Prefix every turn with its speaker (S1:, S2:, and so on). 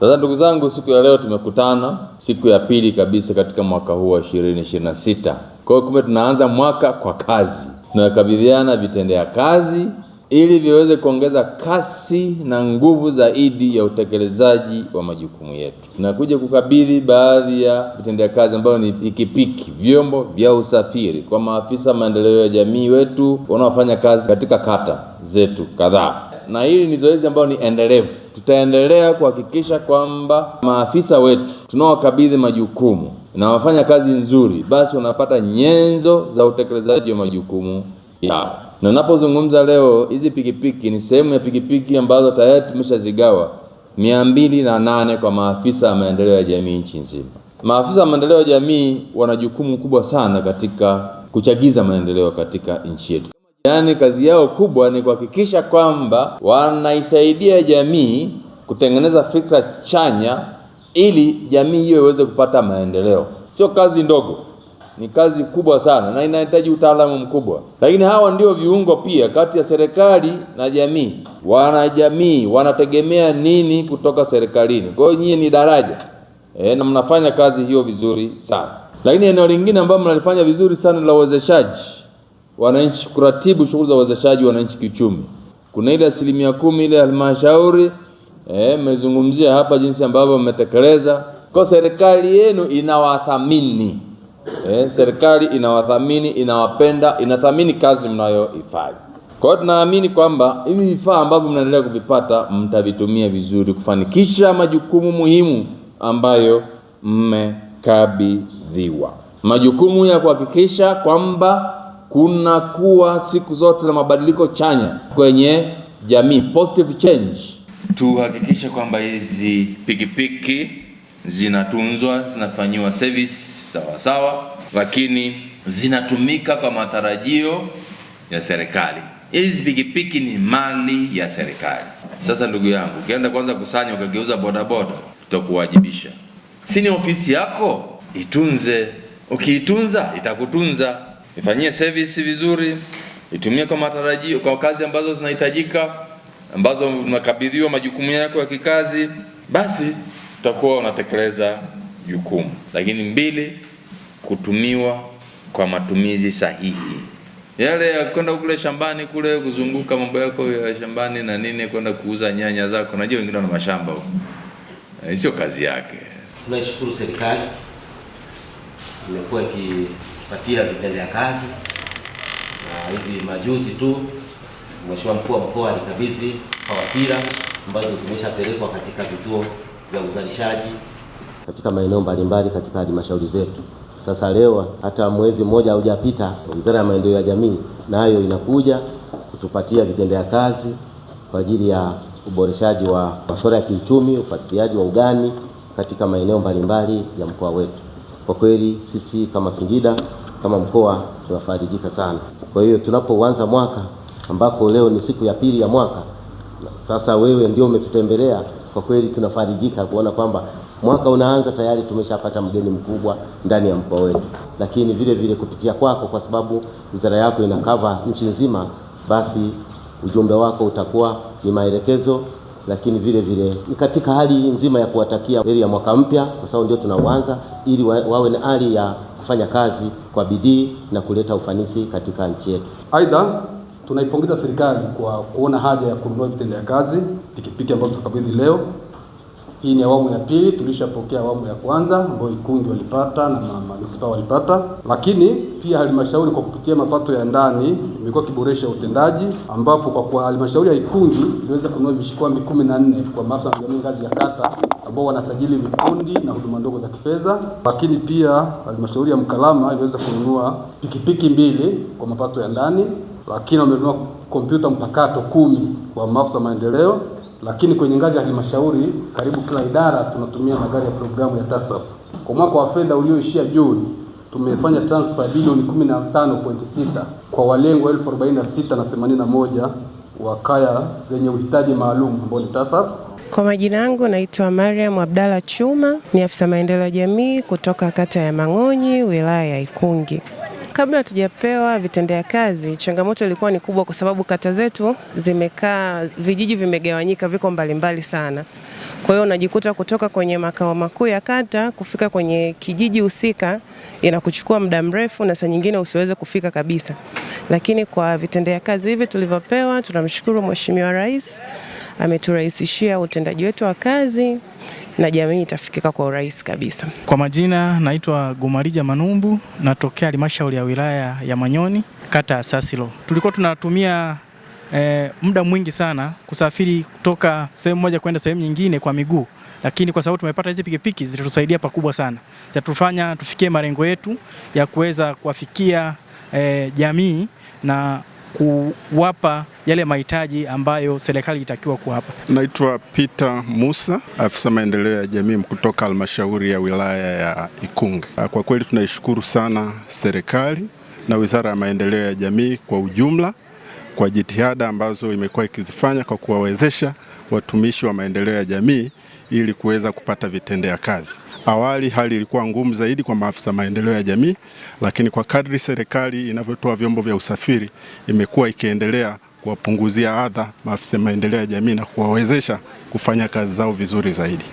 S1: Sasa ndugu zangu, siku ya leo tumekutana siku ya pili kabisa katika mwaka huu wa 2026. Kwa hiyo kumbe tunaanza mwaka kwa kazi, tunakabidhiana vitendea kazi ili viweze kuongeza kasi na nguvu zaidi ya utekelezaji wa majukumu yetu. Tunakuja kukabidhi baadhi ya vitendea kazi ambayo ni pikipiki, vyombo vya usafiri kwa maafisa maendeleo ya jamii wetu wanaofanya kazi katika kata zetu kadhaa na hili ni zoezi ambalo ni endelevu. Tutaendelea kuhakikisha kwamba maafisa wetu tunaowakabidhi majukumu na wafanya kazi nzuri, basi wanapata nyenzo za utekelezaji wa majukumu yao. Na napozungumza leo, hizi pikipiki ni sehemu ya pikipiki ambazo tayari tumeshazigawa mia mbili na nane kwa maafisa ya maendeleo ya jamii nchi nzima. Maafisa wa maendeleo ya jamii wana jukumu kubwa sana katika kuchagiza maendeleo katika nchi yetu yaani kazi yao kubwa ni kuhakikisha kwamba wanaisaidia jamii kutengeneza fikra chanya ili jamii hiyo iweze kupata maendeleo. Sio kazi ndogo, ni kazi kubwa sana na inahitaji utaalamu mkubwa, lakini hawa ndio viungo pia kati ya serikali na jamii. Wanajamii wanategemea nini kutoka serikalini? Kwa hiyo nyinyi ni daraja e, na mnafanya kazi hiyo vizuri sana. Lakini eneo lingine ambalo mnalifanya vizuri sana la uwezeshaji wananchi kuratibu shughuli za uwezeshaji wananchi kiuchumi. Kuna ile asilimia kumi ile halmashauri eh, mmezungumzia hapa jinsi ambavyo mmetekeleza kwa serikali yenu inawathamini eh, serikali inawathamini, inawapenda, inathamini kazi mnayoifanya. Kwa hiyo tunaamini kwamba hivi vifaa ambavyo mnaendelea kuvipata mtavitumia vizuri kufanikisha majukumu muhimu ambayo mmekabidhiwa, majukumu ya kuhakikisha kwamba kuna kuwa siku zote na mabadiliko chanya kwenye jamii, positive change. Tuhakikishe kwamba hizi pikipiki zinatunzwa, zinafanyiwa service sawa sawa, lakini zinatumika kwa matarajio ya serikali. Hizi pikipiki ni mali ya serikali. Sasa ndugu yangu, ukienda kwanza kusanya ukageuza bodaboda, tutakuwajibisha. Si ni ofisi yako, itunze. Ukiitunza itakutunza ifanyie service vizuri, itumie kwa matarajio, kwa kazi ambazo zinahitajika, ambazo unakabidhiwa majukumu yako ya kikazi, basi utakuwa unatekeleza jukumu. Lakini mbili, kutumiwa kwa matumizi sahihi yale ya kwenda kule shambani kule kuzunguka mambo yako ya shambani na nini, kwenda kuuza nyanya zako. Najua wengine wana mashamba huko, eh, sio kazi yake.
S2: tunashukuru serikali imekuwa ikipatia vitendea kazi, na hivi majuzi tu Mheshimiwa mkuu wa mkoa alikabidhi pawatira ambazo zimeshapelekwa katika vituo vya uzalishaji katika maeneo mbalimbali katika halmashauri zetu. Sasa leo hata mwezi mmoja haujapita, Wizara ya Maendeleo ya Jamii nayo na inakuja kutupatia vitendea kazi kwa ajili ya uboreshaji wa masuala ya kiuchumi, ufuatiliaji wa ugani katika maeneo mbalimbali ya mkoa wetu. Kwa kweli sisi kama Singida kama mkoa tunafarijika sana. Kwa hiyo tunapoanza mwaka ambako leo ni siku ya pili ya mwaka, sasa wewe ndio umetutembelea, kwa kweli tunafarijika kuona kwamba mwaka unaanza tayari tumeshapata mgeni mkubwa ndani ya mkoa wetu, lakini vile vile kupitia kwako, kwa sababu wizara yako inakava nchi nzima, basi ujumbe wako utakuwa ni maelekezo lakini vile vile katika hali nzima ya kuwatakia heri ya mwaka mpya, kwa sababu ndio tunauanza, ili wawe na hali ya kufanya kazi kwa bidii na kuleta ufanisi katika nchi yetu.
S3: Aidha, tunaipongeza serikali kwa kuona haja ya kununua vitendea kazi pikipiki ambavyo tutakabidhi leo. Hii ni awamu ya pili, tulishapokea awamu ya kwanza ambayo Ikungi walipata na manispaa walipata, lakini pia halmashauri kwa kupitia mapato ya ndani imekuwa kiboresha utendaji, ambapo kwa kwa halmashauri ya Ikungi iliweza kununua vishikwambi kumi na nne kwa maafisa wa jamii ngazi ya kata ambao wanasajili vikundi na huduma ndogo za kifedha, lakini pia halmashauri ya Mkalama iliweza kununua pikipiki mbili kwa mapato ya ndani, lakini wamenunua kompyuta mpakato kumi kwa maafisa maendeleo lakini kwenye ngazi ya halmashauri karibu kila idara tunatumia magari ya programu ya TASAF. Kwa mwaka wa fedha ulioishia Juni tumefanya transfer bilioni 15.6 kwa walengwa 4681 wa kaya zenye uhitaji maalum ambao ni TASAF.
S4: Kwa majina yangu naitwa Mariam Abdalla Chuma, ni afisa maendeleo ya jamii kutoka kata ya Mang'onyi, wilaya ya Ikungi. Kabla hatujapewa vitendea kazi, changamoto ilikuwa ni kubwa, kwa sababu kata zetu zimekaa, vijiji vimegawanyika, viko mbalimbali sana. Kwa hiyo unajikuta kutoka kwenye makao makuu ya kata kufika kwenye kijiji husika inakuchukua muda mrefu, na saa nyingine usiweze kufika kabisa. Lakini kwa vitendea kazi hivi tulivyopewa, tunamshukuru Mheshimiwa Rais ameturahisishia utendaji wetu wa kazi na jamii itafikika kwa urahisi kabisa.
S5: Kwa majina, naitwa Gumarija Manumbu, natokea halmashauri ya wilaya ya Manyoni, kata ya Sasilo. Tulikuwa tunatumia e, muda mwingi sana kusafiri kutoka sehemu moja kwenda sehemu nyingine kwa miguu, lakini kwa sababu tumepata hizi pikipiki zitatusaidia pakubwa sana, zitatufanya tufikie malengo yetu ya kuweza kuwafikia e, jamii na kuwapa yale mahitaji ambayo serikali itakiwa kuwapa.
S6: Naitwa Peter Musa, afisa maendeleo ya jamii kutoka halmashauri ya wilaya ya Ikungi. Kwa kweli tunaishukuru sana serikali na Wizara ya Maendeleo ya Jamii kwa ujumla kwa jitihada ambazo imekuwa ikizifanya kwa kuwawezesha watumishi wa maendeleo ya jamii ili kuweza kupata vitendea kazi. Awali hali ilikuwa ngumu zaidi kwa maafisa maendeleo ya jamii, lakini kwa kadri serikali inavyotoa vyombo vya usafiri imekuwa ikiendelea kuwapunguzia adha maafisa maendeleo ya jamii na kuwawezesha kufanya kazi zao vizuri zaidi.